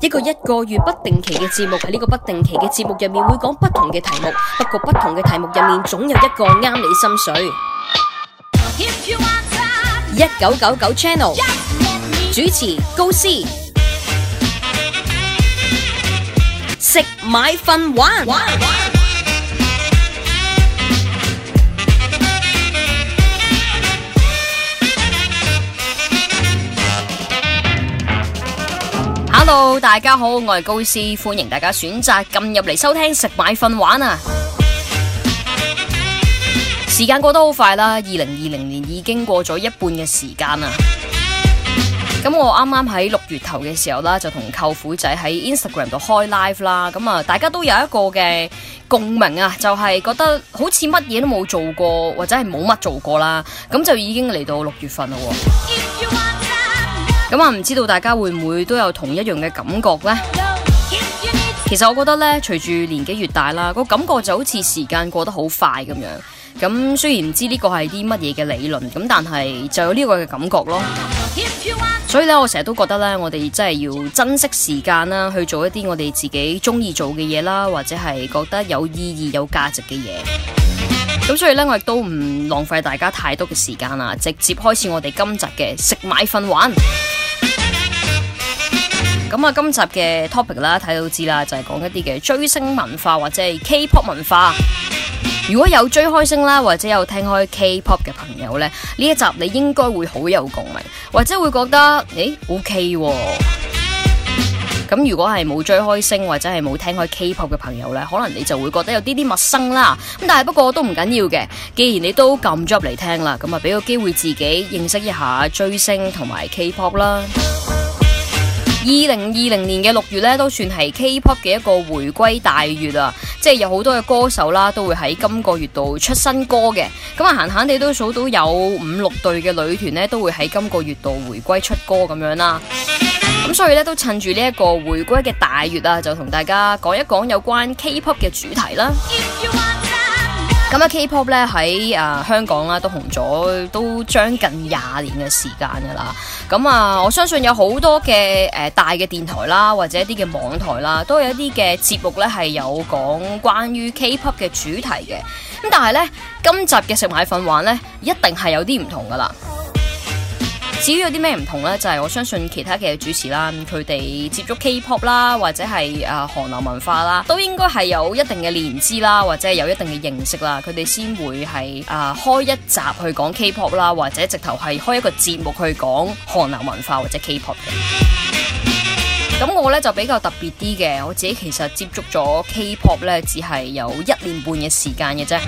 一個一個月不定期嘅節目，喺呢個不定期嘅節目入面會講不同嘅題目，不過不同嘅題目入面總有一個啱你心水。一九九九 channel 主持高斯食買瞓玩。Hello 大家好，我係高斯，歡迎大家選擇撳入嚟收聽食買瞓玩啊！ 時間過得好快啦，二零二零年已經過咗一半嘅時間啦。咁 我啱啱喺六月頭嘅時候啦，就同舅父仔喺 Instagram 度開 live 啦。咁啊，大家都有一個嘅共鳴啊，就係、是、覺得好似乜嘢都冇做過，或者係冇乜做過啦。咁就已經嚟到六月份啦。咁啊，唔知道大家會唔會都有同一樣嘅感覺呢？其實我覺得咧，隨住年紀越大啦，個感覺就好似時間過得好快咁樣。咁雖然唔知呢個係啲乜嘢嘅理論，咁但係就有呢個嘅感覺咯。所以咧，我成日都覺得咧，我哋真係要珍惜時間啦，去做一啲我哋自己中意做嘅嘢啦，或者係覺得有意義、有價值嘅嘢。咁所以咧，我亦都唔浪費大家太多嘅時間啦，直接開始我哋今集嘅食買瞓玩。咁啊、嗯，今集嘅 topic 啦，睇到知啦，就係、是、講一啲嘅追星文化或者係 K-pop 文化、嗯。如果有追開星啦，或者有聽開 K-pop 嘅朋友呢，呢一集你應該會好有共鳴，或者會覺得誒、欸，OK 喎、啊。咁如果係冇追開星或者係冇聽開 K-pop 嘅朋友呢，可能你就會覺得有啲啲陌生啦。咁但係不過都唔緊要嘅，既然你都撳咗入嚟聽啦，咁啊俾個機會自己認識一下追星同埋 K-pop 啦。二零二零年嘅六月呢，都算係 K-pop 嘅一個回歸大月啊，即係有好多嘅歌手啦，都會喺今個月度出新歌嘅。咁啊，閒閒地都數到有五六隊嘅女團呢，都會喺今個月度回歸出歌咁樣啦。 咁所以咧，都趁住呢一個回歸嘅大月啊，就同大家講一講有關 K-pop 嘅主題啦。咁啊，K-pop 咧喺誒香港啦，都紅咗都將近廿年嘅時間噶啦。咁啊、呃，我相信有好多嘅誒、呃、大嘅電台啦，或者一啲嘅網台啦，都有一啲嘅節目咧係有講關於 K-pop 嘅主題嘅。咁但係咧，今集嘅食買瞓玩話咧，一定係有啲唔同噶啦。至於有啲咩唔同呢？就係、是、我相信其他嘅主持啦，佢哋接觸 K-pop 啦，或者係啊韓流文化啦，都應該係有一定嘅年接資啦，或者有一定嘅認識啦，佢哋先會係啊、呃、開一集去講 K-pop 啦，或者直頭係開一個節目去講韓流文化或者 K-pop 嘅。咁 我呢就比較特別啲嘅，我自己其實接觸咗 K-pop 呢，只係有一年半嘅時間嘅啫，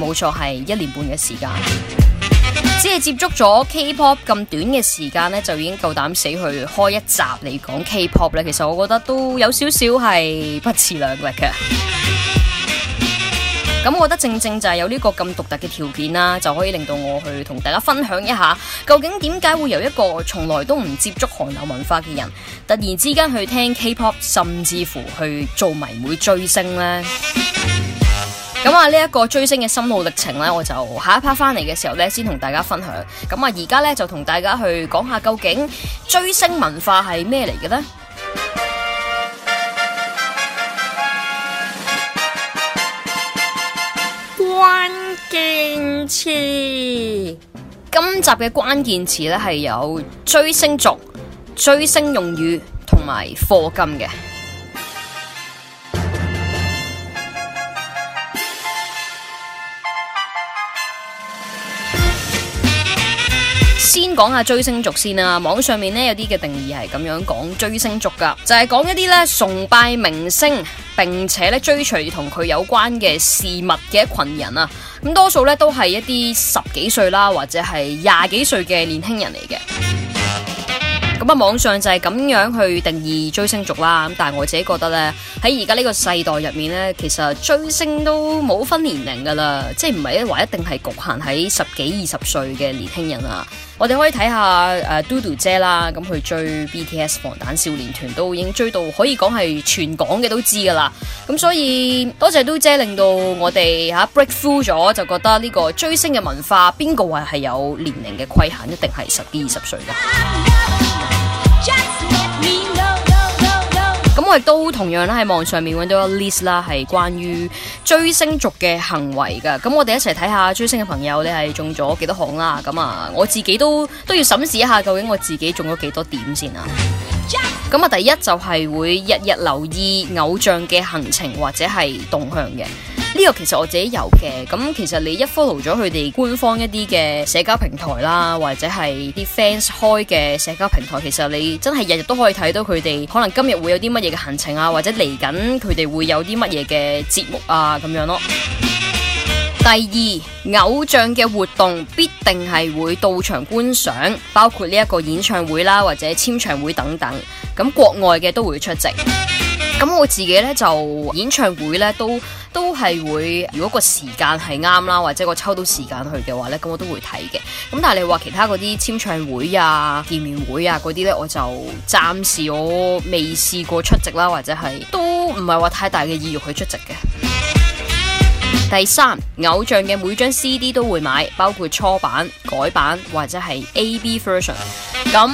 冇 錯係一年半嘅時間。只係接觸咗 K-pop 咁短嘅時間呢就已經夠膽死去開一集嚟講 K-pop 咧。其實我覺得都有少少係不自量力嘅。咁 我覺得正正就係有呢個咁獨特嘅條件啦，就可以令到我去同大家分享一下，究竟點解會由一個從來都唔接觸韓流文化嘅人，突然之間去聽 K-pop，甚至乎去做迷妹追星呢？咁啊，呢一個追星嘅心路歷程呢，我就下一 part 翻嚟嘅時候呢，先同大家分享。咁啊，而家呢，就同大家去講下究竟追星文化係咩嚟嘅呢？關鍵詞，今集嘅關鍵詞呢，係有追星族、追星用語同埋課金嘅。先講下追星族先啦，網上面呢，有啲嘅定義係咁樣講追星族噶就係講一啲呢，崇拜明星，並且呢追隨同佢有關嘅事物嘅一群人啊，咁多數呢，都係一啲十幾歲啦，或者係廿幾歲嘅年輕人嚟嘅。咁啊，網上就係咁樣去定義追星族啦。咁但係我自己覺得呢，喺而家呢個世代入面呢，其實追星都冇分年齡噶啦，即係唔係話一定係局限喺十幾二十歲嘅年輕人啊。我哋可以睇下誒，嘟嘟姐啦，咁去追 BTS 防彈少年團都已經追到，可以講係全港嘅都知噶啦。咁所以多謝嘟姐令到我哋吓 break through 咗，就覺得呢個追星嘅文化邊個話係有年齡嘅規限，一定係十幾二十歲噶。因為都同樣咧喺網上面揾到 list 啦，係關於追星族嘅行為噶。咁我哋一齊睇下追星嘅朋友，你係中咗幾多行啦？咁啊，我自己都都要審視一下究竟我自己中咗幾多點先啊？咁啊，第一就係會日日留意偶像嘅行程或者係動向嘅。呢個其實我自己有嘅，咁其實你一 follow 咗佢哋官方一啲嘅社交平台啦，或者係啲 fans 開嘅社交平台，其實你真係日日都可以睇到佢哋，可能今日會有啲乜嘢嘅行程啊，或者嚟緊佢哋會有啲乜嘢嘅節目啊咁樣咯。 第二，偶像嘅活動必定係會到場觀賞，包括呢一個演唱會啦，或者簽唱會等等，咁國外嘅都會出席。咁我自己呢，就演唱會呢都都係會，如果個時間係啱啦，或者我抽到時間去嘅話呢，咁我都會睇嘅。咁但係你話其他嗰啲簽唱會啊、見面會啊嗰啲呢，我就暫時我未試過出席啦，或者係都唔係話太大嘅意欲去出席嘅。第三，偶像嘅每張 CD 都會買，包括初版、改版或者係 AB version。咁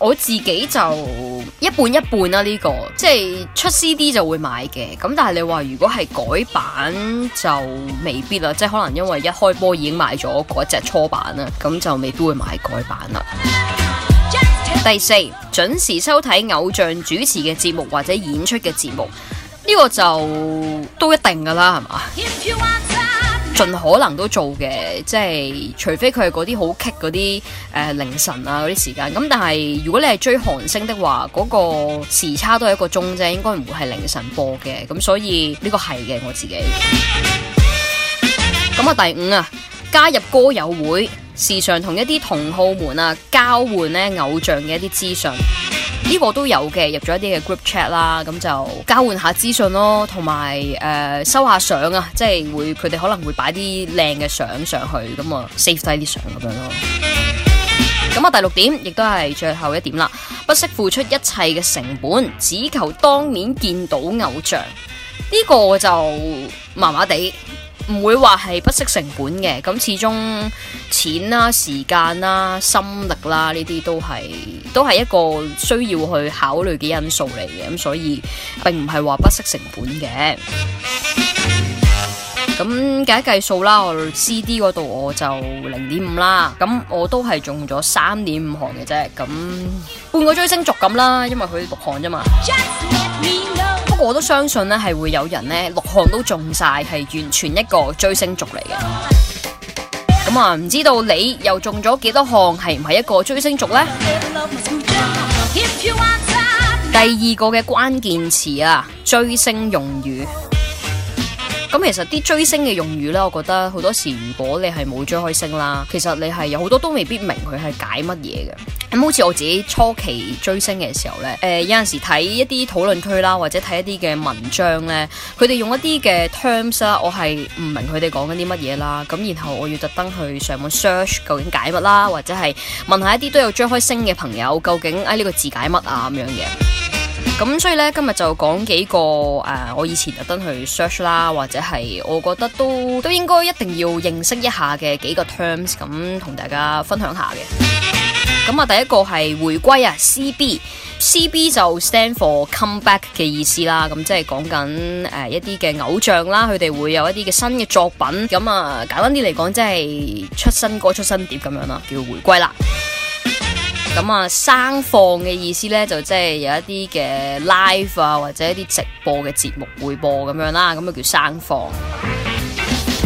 我自己就。一半一半啦，啊，呢、這個即係出 CD 就會買嘅，咁但係你話如果係改版就未必啦，即係可能因為一開波已經買咗嗰隻初版啦，咁就未必會買改版啦。 第四，準時收睇偶像主持嘅節目或者演出嘅節目，呢、這個就都一定噶啦，係嘛？ 盡可能都做嘅，即係除非佢係嗰啲好棘嗰啲誒凌晨啊嗰啲時間。咁但係如果你係追韓星的話，嗰、嗰個時差都係一個鐘啫，應該唔會係凌晨播嘅。咁所以呢、呢個係嘅我自己。咁啊 第五啊，加入歌友會，時常同一啲同好們啊交換呢偶像嘅一啲資訊。呢、個都有嘅，入咗一啲嘅 group chat 啦，咁就交換下資訊咯，同埋誒收下相啊，即係會佢哋可能會擺啲靚嘅相上去，咁啊 save 低啲相咁樣咯。咁、嗯、啊第六點，亦都係最後一點啦，不惜付出一切嘅成本，只求當面見到偶像。呢、個就麻麻地。唔會話係不惜成本嘅，咁始終錢啦、時間啦、心力啦呢啲都係都係一個需要去考慮嘅因素嚟嘅，咁所以並唔係話不惜成本嘅。咁計一計數啦，我 C D 嗰度我就零點五啦，咁我都係中咗三點五行嘅啫，咁半個追星族咁啦，因為佢六行啫嘛。Yes! 我都相信咧，係會有人咧六項都中晒，係完全一個追星族嚟嘅。咁啊，唔知道你又中咗幾多項，係唔係一個追星族呢？第二個嘅關鍵詞啊，追星用語。咁其實啲追星嘅用語咧，我覺得好多時如果你係冇追開星啦，其實你係有好多都未必明佢係解乜嘢嘅。咁好似我自己初期追星嘅時候咧，誒、呃、有陣時睇一啲討論區啦，或者睇一啲嘅文章咧，佢哋用一啲嘅 terms 啦，我係唔明佢哋講緊啲乜嘢啦。咁然後我要特登去上網 search 究竟解乜啦，或者係問下一啲都有追開星嘅朋友，究竟喺呢個字解乜啊咁樣嘅。咁所以咧，今日就講幾個誒、呃，我以前特登去 search 啦，或者係我覺得都都應該一定要認識一下嘅幾個 terms，咁同大家分享一下嘅。咁、嗯、啊，第一個係回歸啊，CB，CB 就 stand for come back 嘅意思啦，咁即係講緊誒一啲嘅偶像啦，佢哋會有一啲嘅新嘅作品，咁啊簡單啲嚟講，即係出新歌、出新碟咁樣啦，叫回歸啦。咁啊，生放嘅意思呢，就即係有一啲嘅 live 啊，或者一啲直播嘅節目會播咁樣啦，咁啊叫生放。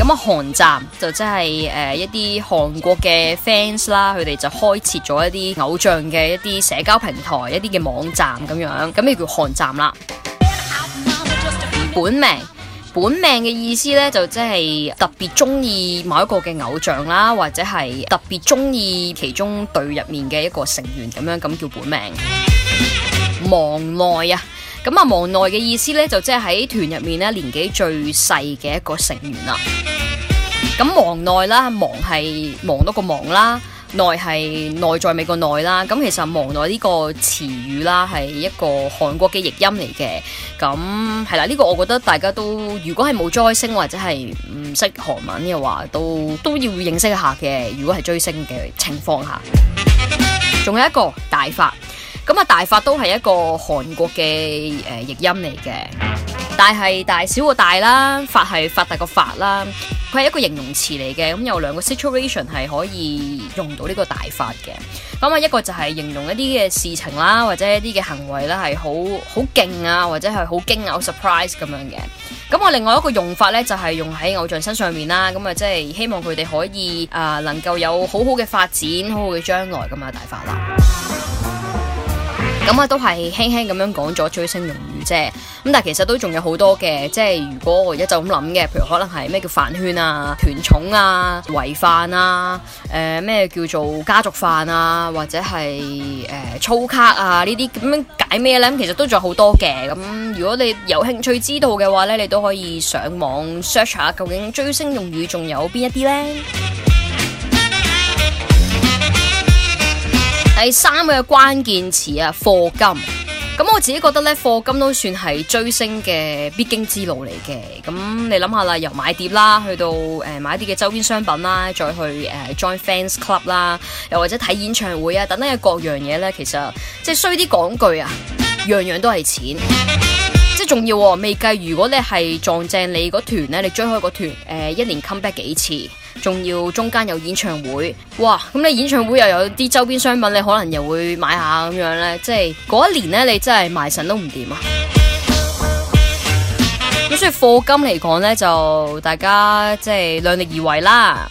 咁啊，韓站就即係誒、呃、一啲韓國嘅 fans 啦，佢哋就開設咗一啲偶像嘅一啲社交平台，一啲嘅網站咁樣，咁啊叫韓站啦。本命。本命嘅意思咧，就即係特別中意某一個嘅偶像啦，或者係特別中意其中隊入面嘅一個成員咁樣，咁叫本命。 忙內啊，咁啊忙內嘅意思咧，就即係喺團入面咧年紀最細嘅一個成員啦。咁忙內啦、啊，忙係忙到個忙啦。內係內在美國內啦，咁其實忙內呢個詞語啦，係一個韓國嘅譯音嚟嘅。咁係啦，呢、這個我覺得大家都如果係冇追星或者係唔識韓文嘅話，都都要認識一下嘅。如果係追星嘅情況下，仲 有一個大發。咁啊！大發都係一個韓國嘅誒、呃、譯音嚟嘅，大係大小個大啦，發係發達個發啦。佢係一個形容詞嚟嘅，咁有兩個 situation 係可以用到呢個大法嘅。咁啊，一個就係形容一啲嘅事情啦，或者一啲嘅行為啦，係好好勁啊，或者係好驚訝啊，好 surprise 咁樣嘅。咁我另外一個用法呢，就係、是、用喺偶像身上面啦。咁啊，即係希望佢哋可以啊、呃，能夠有好好嘅發展，好好嘅將來咁啊，大法啦。咁啊，都係輕輕咁樣講咗追星用語啫。咁但係其實都仲有好多嘅，即係如果我而家就咁諗嘅，譬如可能係咩叫飯圈啊、團寵啊、圍飯啊、呃、咩叫做家族飯啊，或者係呃、粗卡啊呢啲咁樣解咩呢？咁其實都仲有好多嘅。咁如果你有興趣知道嘅話呢，你都可以上網 search 下，究竟追星用語仲有邊一啲呢？第三個關鍵詞啊，課金。咁我自己覺得呢課金都算係追星嘅必經之路嚟嘅。咁你諗下啦，由買碟啦，去到誒買一啲嘅周邊商品啦，再去誒、uh, join fans club 啦，又或者睇演唱會啊等等嘅各樣嘢呢，其實即係衰啲講句啊，樣樣都係錢，即係仲要、啊。未計如果你係撞正你嗰團呢，你追開個團誒，一年 come back 幾次？仲要中間有演唱會，哇！咁你演唱會又有啲周邊商品，你可能又會買下咁樣呢，即係嗰一年呢，你真係賣腎都唔掂啊！咁 所以課金嚟講呢，就大家即係、即係、量力而為啦。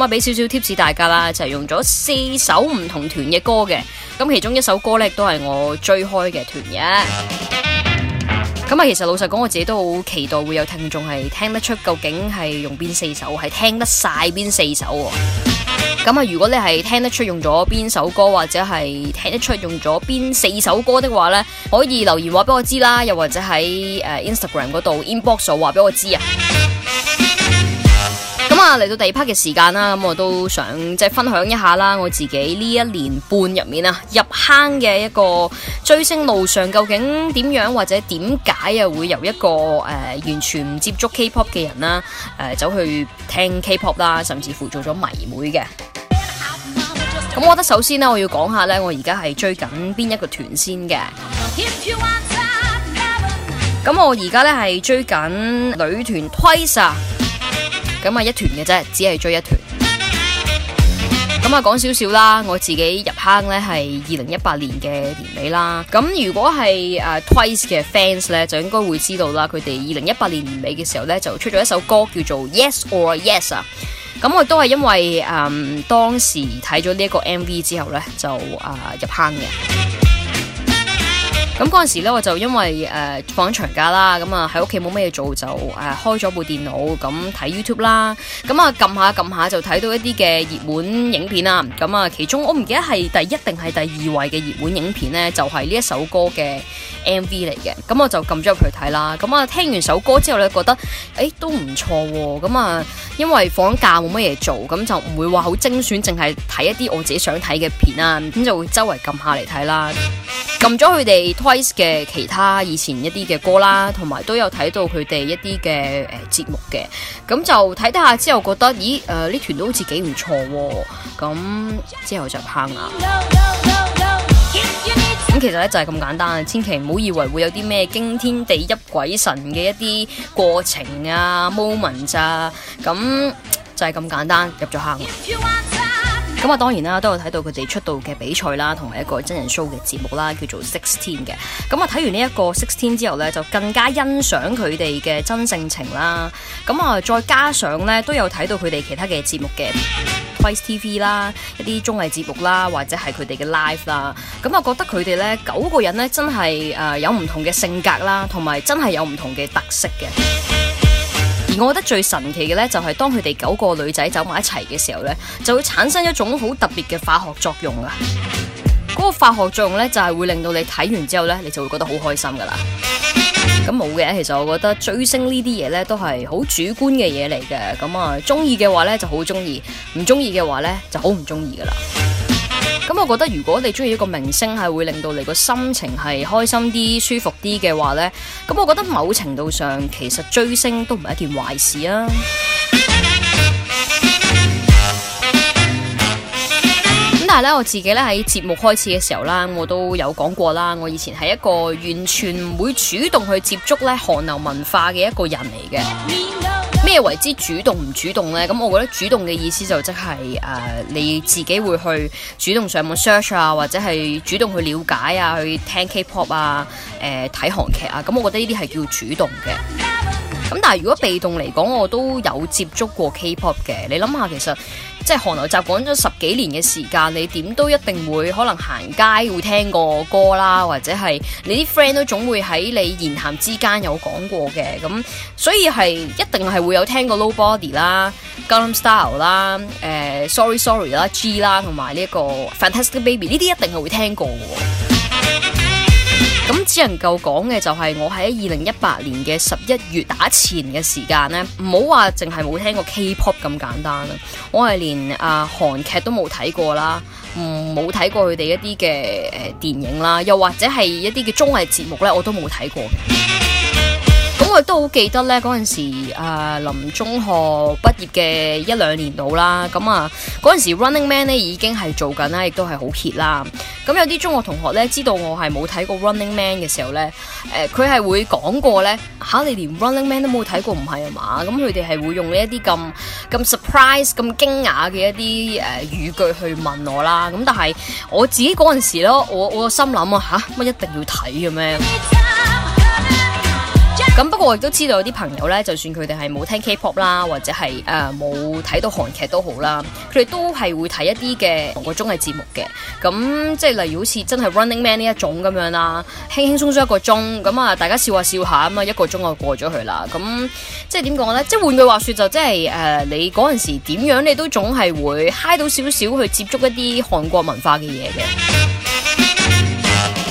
咁啊，俾少少 tips 大家啦，就係用咗四首唔同團嘅歌嘅，咁其中一首歌咧亦都係我追開嘅團嘅。咁啊， 其實老實講，我自己都好期待會有聽眾係聽得出究竟係用邊四首，係聽得晒邊四首。咁啊，如果你係聽得出用咗邊首歌，或者係聽得出用咗邊四首歌的話咧，可以留言話俾我知啦，又或者喺誒 Instagram 嗰度 inbox 度話俾我知啊。咁啊，嚟到第二 part 嘅時間啦，咁我都想即係分享一下啦，我自己呢一年半入面啊，入坑嘅一個追星路上究竟點樣，或者點解啊會由一個誒、呃、完全唔接觸 K-pop 嘅人啦，誒、呃、走去聽 K-pop 啦，甚至乎做咗迷妹嘅。咁 我覺得首先呢，我要講下呢，我而家係追緊邊一個團先嘅。咁我而家呢，係追緊女團 Twice 啊。咁啊，一團嘅啫，只係追一團。咁啊，講少少啦，我自己入坑咧係二零一八年嘅年尾啦。咁如果係、uh, Twice 嘅 fans 咧，就應該會知道啦。佢哋二零一八年年尾嘅時候咧，就出咗一首歌叫做《Yes or Yes》啊。咁我都係因為誒、嗯、當時睇咗呢一個 MV 之後咧，就、uh, 入坑嘅。咁嗰陣時咧，我就因為誒、呃、放緊長假啦，咁啊喺屋企冇乜嘢做，就誒、呃、開咗部電腦咁睇 YouTube 啦。咁啊撳下撳下就睇到一啲嘅熱門影片啦。咁啊其中我唔記得係第一定係第二位嘅熱門影片呢，就係、是、呢一首歌嘅 MV 嚟嘅。咁我就撳咗入去睇啦。咁啊聽完首歌之後咧，覺得誒、欸、都唔錯喎、啊。咁啊因為放假冇乜嘢做，咁就唔會話好精選，淨係睇一啲我自己想睇嘅片啊。咁就會周圍撳下嚟睇啦。撳咗佢哋嘅其他以前一啲嘅歌啦，同埋都有睇到佢哋一啲嘅誒節目嘅，咁就睇得下之後覺得，咦誒呢團都好似幾唔錯喎，咁之後就入坑啦。咁、no, no, no, no, 其實咧就係、是、咁簡單，啊，千祈唔好以為會有啲咩驚天地泣鬼神嘅一啲過程啊 moment 咋、啊，咁就係、是、咁簡單，入咗坑了。咁啊，當然啦，都有睇到佢哋出道嘅比賽啦，同埋一個真人 show 嘅節目啦，叫做 Sixteen 嘅。咁啊，睇完呢一個 Sixteen 之後呢，就更加欣賞佢哋嘅真性情啦。咁啊，再加上呢，都有睇到佢哋其他嘅節目嘅 Twice TV 啦，一啲綜藝節目啦，或者係佢哋嘅 live 啦。咁啊，覺得佢哋呢九個人呢，真係誒有唔同嘅性格啦，同埋真係有唔同嘅特色嘅。我覺得最神奇嘅呢，就係當佢哋九個女仔走埋一齊嘅時候呢，就會產生一種好特別嘅化學作用啊！嗰個化學作用呢，就係會令到你睇完之後呢，你就會覺得好開心噶啦。咁冇嘅，其實我覺得追星呢啲嘢呢，都係好主觀嘅嘢嚟嘅。咁啊，中意嘅話呢，就好中意，唔中意嘅話呢，就好唔中意噶啦。我覺得如果你中意一個明星，係會令到你個心情係開心啲舒服啲嘅話呢，咁我覺得某程度上，其實追星都唔係一件壞事啊。咁但係咧，我自己咧，喺節目開始嘅時候啦，我都有講過啦，我以前係一個完全唔會主動去接觸咧韓流文化嘅一個人嚟嘅。咩為之主動唔主動呢？咁我覺得主動嘅意思就即係誒你自己會去主動上網 search 啊，或者係主動去了解啊，去聽 K-pop 啊，誒、呃、睇韓劇啊。咁我覺得呢啲係叫主動嘅。咁但係如果被動嚟講，我都有接觸過 K-pop 嘅。你諗下，其實。即係韓流襲港咗十幾年嘅時間，你點都一定會可能行街會聽過歌啦，或者係你啲 friend 都總會喺你言談之間有講過嘅，咁所以係一定係會有聽過 Nobody 啦、Gangnam Style 啦、誒、呃、Sorry Sorry 啦、G 啦同埋呢個 Fantastic Baby 呢啲一定係會聽過㗎。咁只能夠講嘅就係我喺二零一八年嘅十一月打前嘅時間呢，唔好話淨係冇聽過 K-pop 咁簡單啦，我係連啊、呃、韓劇都冇睇過啦，冇睇過佢哋一啲嘅誒電影啦，又或者係一啲嘅綜藝節目呢，我都冇睇過嘅。咁我都好記得呢嗰陣時誒，呃、臨中學畢業嘅一兩年度啦。咁啊，嗰陣時 Running Man 呢已經係做緊啦，亦都係好 hit 啦。咁有啲中學同學呢，知道我係冇睇過 Running Man 嘅時候呢，佢、呃、係會講過呢：啊「吓你連 Running Man 都冇睇過，唔係啊嘛？咁佢哋係會用一啲咁咁 surprise、咁驚訝嘅一啲誒、呃、語句去問我啦。咁但係我自己嗰陣時咯，我我心諗啊嚇乜一定要睇嘅咩？咁不過我亦都知道有啲朋友呢，就算佢哋係冇聽 K-pop 啦，或者係誒冇睇到韓劇也好他們都好啦，佢哋都係會睇一啲嘅韓國綜藝節目嘅。咁即係例如好似真係 Running Man 呢一種咁樣啦，輕輕鬆鬆一個鐘，咁啊大家笑下笑下啊一個鐘就過咗去啦。咁即係點講呢？即係換句話説，就即係誒、呃、你嗰陣時點樣，你都總係會嗨到少少去接觸一啲韓國文化嘅嘢嘅。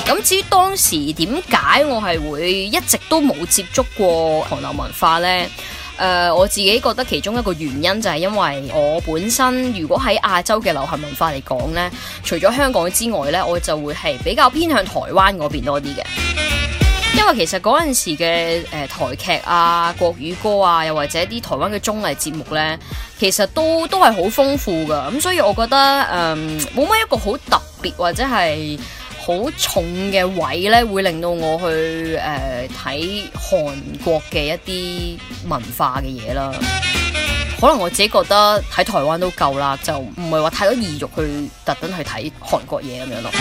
咁至於當時點解我係會一直都冇接觸過韓流文化呢？呃，我自己覺得其中一個原因就係因為我本身如果喺亞洲嘅流行文化嚟講呢，除咗香港之外呢，我就會係比較偏向台灣嗰邊多啲嘅。因為其實嗰陣時嘅、呃、台劇啊、國語歌啊，又或者啲台灣嘅綜藝節目呢，其實都都係好豐富噶。咁所以我覺得誒冇乜一個好特別或者係。好重嘅位咧，會令到我去誒睇韓國嘅一啲文化嘅嘢啦。可能我自己覺得睇台灣都夠啦，就唔係話太多意欲去特登去睇韓國嘢咁樣咯。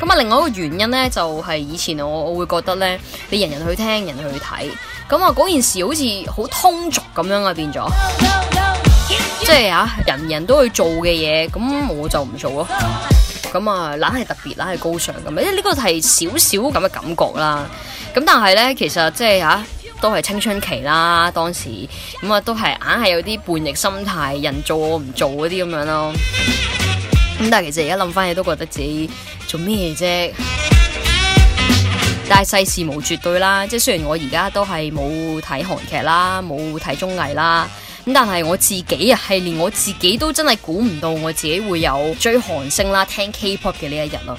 咁 啊樂，另外一個原因咧，就係、是、以前我我會覺得咧，你人人去聽，人，人去睇，咁啊嗰件事好似好通俗咁樣啊，變咗，即係啊，人人都去做嘅嘢，咁我就唔做咯。咁啊，硬係特別，硬係高尚咁，即係呢個係少少咁嘅感覺啦。咁但係咧，其實即係吓都係青春期啦，當時咁啊、嗯，都係硬係有啲叛逆心態，人做我唔做嗰啲咁樣咯。咁、嗯、但係其實而家諗翻起，都覺得自己做咩啫？但係世事無絕對啦，即係雖然我而家都係冇睇韓劇啦，冇睇綜藝啦。咁但係我自己啊，係連我自己都真係估唔到我自己會有追韓星啦、聽 K-pop 嘅呢一日咯。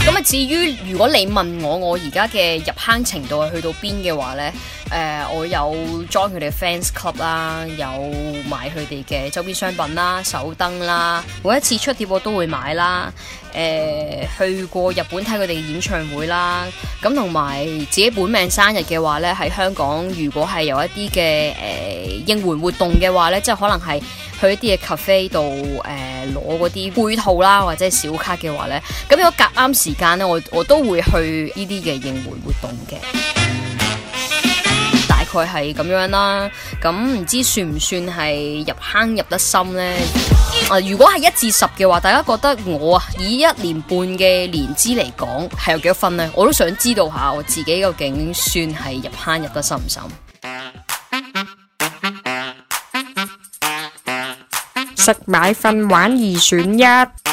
咁啊！至於，如果你問我，我而家嘅入坑程度係去到邊嘅話咧，誒、呃、我有 join 佢哋 fans club 啦，有買佢哋嘅周邊商品啦、手燈啦，每一次出碟我都會買啦。誒、呃、去過日本睇佢哋嘅演唱會啦。咁同埋自己本命生日嘅話咧，喺香港如果係有一啲嘅誒應援活動嘅話咧，即、就、係、是、可能係去一啲嘅 cafe 度誒攞啲杯套啦，或者小卡嘅話咧，咁如果夾啱時。時間咧，我我都會去呢啲嘅應援活動嘅，大概係咁樣啦。咁唔知算唔算係入坑入得深呢？啊，如果係一至十嘅話，大家覺得我啊以一年半嘅年資嚟講，係有幾多分呢？我都想知道下，我自己究竟算係入坑入得深唔深？食買瞓玩二選一。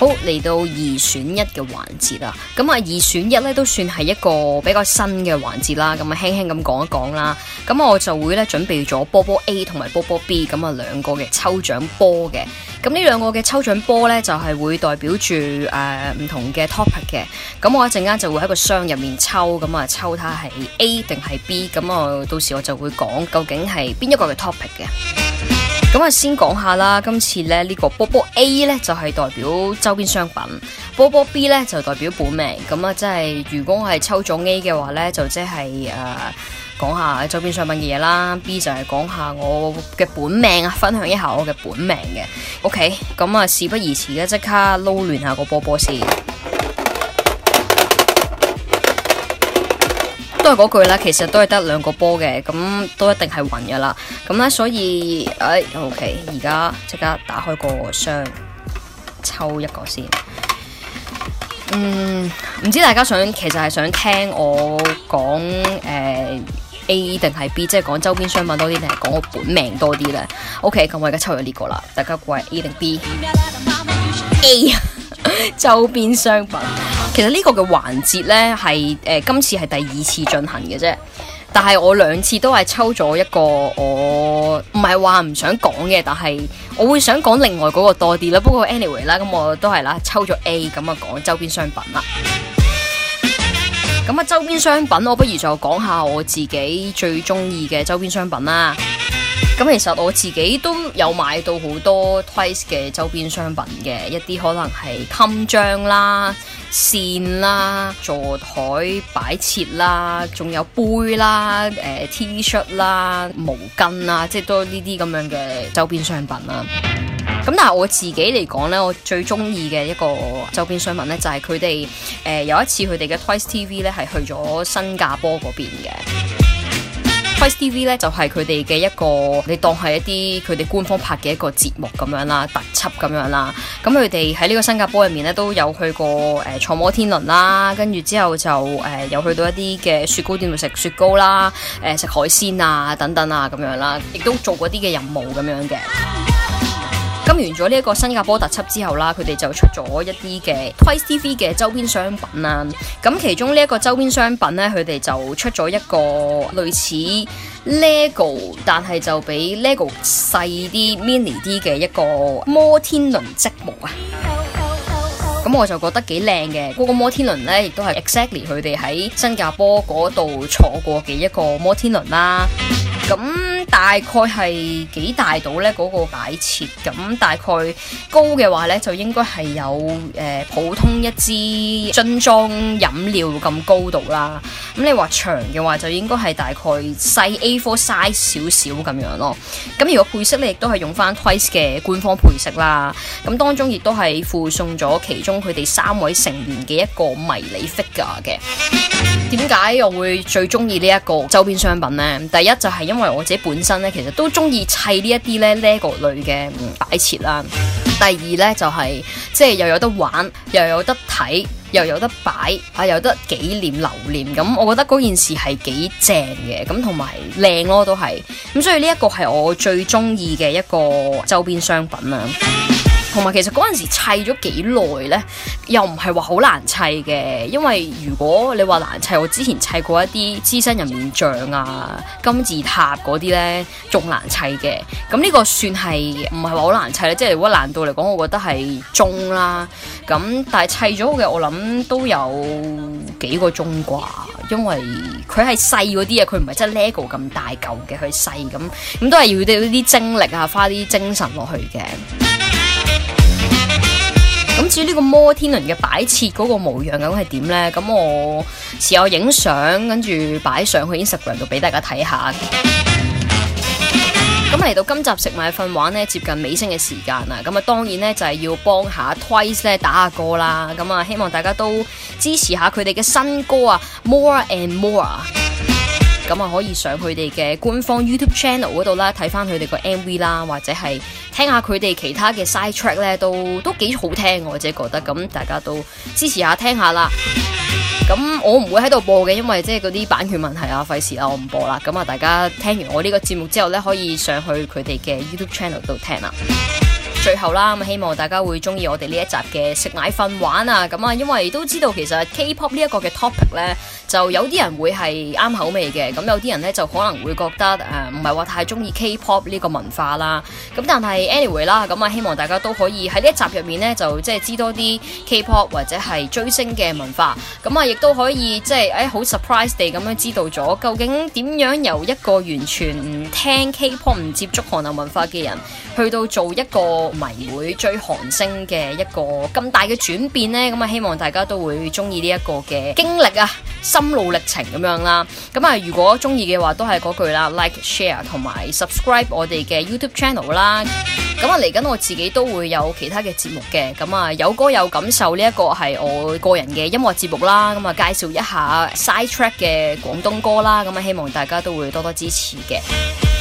好嚟到二選一嘅環節啦，咁啊二選一咧都算係一個比較新嘅環節啦，咁啊輕輕咁講一講啦，咁我就會咧準備咗波波 A 同埋波波 B 咁啊兩個嘅抽獎波嘅，咁呢兩個嘅抽獎波咧就係會代表住誒唔同嘅 topic 嘅，咁我一陣間就會喺個箱入面抽，咁啊抽吓係 A 定係 B，咁我到時我就會講究竟係邊一個嘅 topic 嘅。咁啊，先講下啦，今次咧呢個波波 A 呢，就係代表周邊商品，波波 B 呢，就代表本命。咁啊、就是，即係如果我係抽咗 A 嘅話呢，就即係誒講下周邊商品嘅嘢啦；B 就係講下我嘅本命啊，分享一下我嘅本命嘅。OK，咁啊，事不宜遲嘅，即刻撈亂下個波波先。因為嗰句啦，其實都係得兩個波嘅，咁都一定係暈嘅啦。咁咧，所以，哎，OK，而家即刻打開個箱抽一個先。嗯，唔知大家想其實係想聽我講誒、呃、A 定係 B，即係講周邊商品多啲定係講我本命多啲咧？OK，咁我而家抽咗呢個啦，大家估係 A 定 B？A 周邊商品。其實呢個嘅環節呢，係誒、呃、今次係第二次進行嘅啫，但係我兩次都係抽咗一個我唔係話唔想講嘅，但係我會想講另外嗰個多啲啦。不過 anyway 啦，咁我都係啦，抽咗 A 咁啊，講周邊商品啦。咁啊周邊商品，我不如就講下我自己最中意嘅周邊商品啦。咁其實我自己都有買到好多 Twice 嘅周邊商品嘅，一啲可能係襟章啦、扇啦、座台擺設啦，仲有杯啦、誒、呃、T 恤啦、毛巾啦，即係都呢啲咁樣嘅周邊商品啦。咁但係我自己嚟講呢，我最中意嘅一個周邊商品呢，就係佢哋誒有一次佢哋嘅 Twice TV 呢，係去咗新加坡嗰邊嘅。Twice TV 咧，就係佢哋嘅一個，你當係一啲佢哋官方拍嘅一個節目咁樣啦，特輯咁樣啦。咁佢哋喺呢個新加坡入面咧，都有去過誒坐摩天輪啦，跟住之後就誒又，呃、去到一啲嘅雪糕店度食雪糕啦。誒、呃、食海鮮啊、等等啊，咁樣啦，亦都做過啲嘅任務咁樣嘅。完咗呢一個新加坡特輯之後啦，佢哋就出咗一啲嘅 Twice TV 嘅周邊商品啦，咁其中呢一個周邊商品呢，佢哋就出咗一個類似 LEGO，但係就比 LEGO 細啲、mini 啲嘅一個摩天輪積木啊，咁我就覺得幾靚嘅，嗰、嗰個摩天輪呢，亦都係 exactly 佢哋喺新加坡嗰度坐過嘅一個摩天輪啦。咁大概係幾大到呢？嗰、那個擺設咁大概高嘅話呢，就應該係有誒、呃、普通一支樽裝飲料咁高度啦。咁你話長嘅話長嘅話，就應該係大概細 A4 size 少少咁樣咯。咁如果配色咧，亦都係用翻 Twice 嘅官方配色啦。咁當中亦都係附送咗其中佢哋三位成員嘅一個迷你 figure 嘅。點解我會最中意呢一個周邊商品呢？第一就係因為我自己本身呢，其實都中意砌呢一啲咧呢 lego 類嘅擺設啦。第二呢，就係、是、即係又有得玩，又有得睇，又有得擺啊，又有得紀念留念咁。噉我覺得嗰件事係幾正嘅咁，同埋靚咯，都係咁，所以呢一個係我最中意嘅一個周邊商品啦。同埋其實嗰陣時砌咗幾耐呢？又唔係話好難砌嘅，因為如果你話難砌，我之前砌過一啲獅身人面像啊、金字塔嗰啲呢，仲難砌嘅。咁呢個算係唔係話好難砌咧，即係如果難度嚟講，我覺得係中啦。咁但係砌咗嘅，我諗都有幾個鐘啩，因為佢係細嗰啲啊，佢唔係真係 lego 咁大嚿嘅，佢細咁，咁都係要啲精力啊，花啲精神落去嘅。諗住呢個摩天輪嘅擺設嗰個模樣究竟係點呢？咁我事有影相，跟住擺上去 Instagram 度俾大家睇下。咁嚟 到今集食埋瞓玩呢，接近尾聲嘅時間啦。咁啊，當然呢，就係、是、要幫下 Twice 咧打下、啊、歌啦。咁啊，希望大家都支持下佢哋嘅新歌啊，More and More。咁啊，可以上佢哋嘅官方 YouTube channel 嗰度啦，睇翻佢哋個 MV 啦，或者係聽下佢哋其他嘅 side track 咧，都都幾好聽。我啫覺得。咁大家都支持下，聽下啦。咁我唔會喺度播嘅，因為即係嗰啲版權問題啊，費事啊，我唔播啦。咁啊，大家聽完我呢個節目之後咧，可以上去佢哋嘅 YouTube channel 度聽啦。最後啦，咁希望大家會中意我哋呢一集嘅食奶瞓玩啊！咁啊，因為都知道其實 K-pop 呢一個嘅 topic 呢，就有啲人會係啱口味嘅，咁有啲人呢，就可能會覺得誒唔係話太中意 K-pop 呢個文化啦。咁但係 anyway 啦，咁啊希望大家都可以喺呢一集入面呢，就即係知多啲 K-pop 或者係追星嘅文化。咁啊，亦都可以即係誒好 surprise 地咁樣知道咗，究竟點樣由一個完全唔聽 K-pop、唔接觸韓流文化嘅人，去到做一個。迷妹追韓星嘅一個咁大嘅轉變呢，咁啊希望大家都會中意呢一個嘅經歷啊、心路歷程咁樣啦。咁啊，如果中意嘅話，都係嗰句啦，like share 同埋 subscribe 我哋嘅 YouTube channel 啦。咁啊，嚟緊我自己都會有其他嘅節目嘅。咁啊，有歌有感受呢一個係我個人嘅音樂節目啦。咁啊，介紹一下 side track 嘅廣東歌啦。咁啊，希望大家都會多多支持嘅。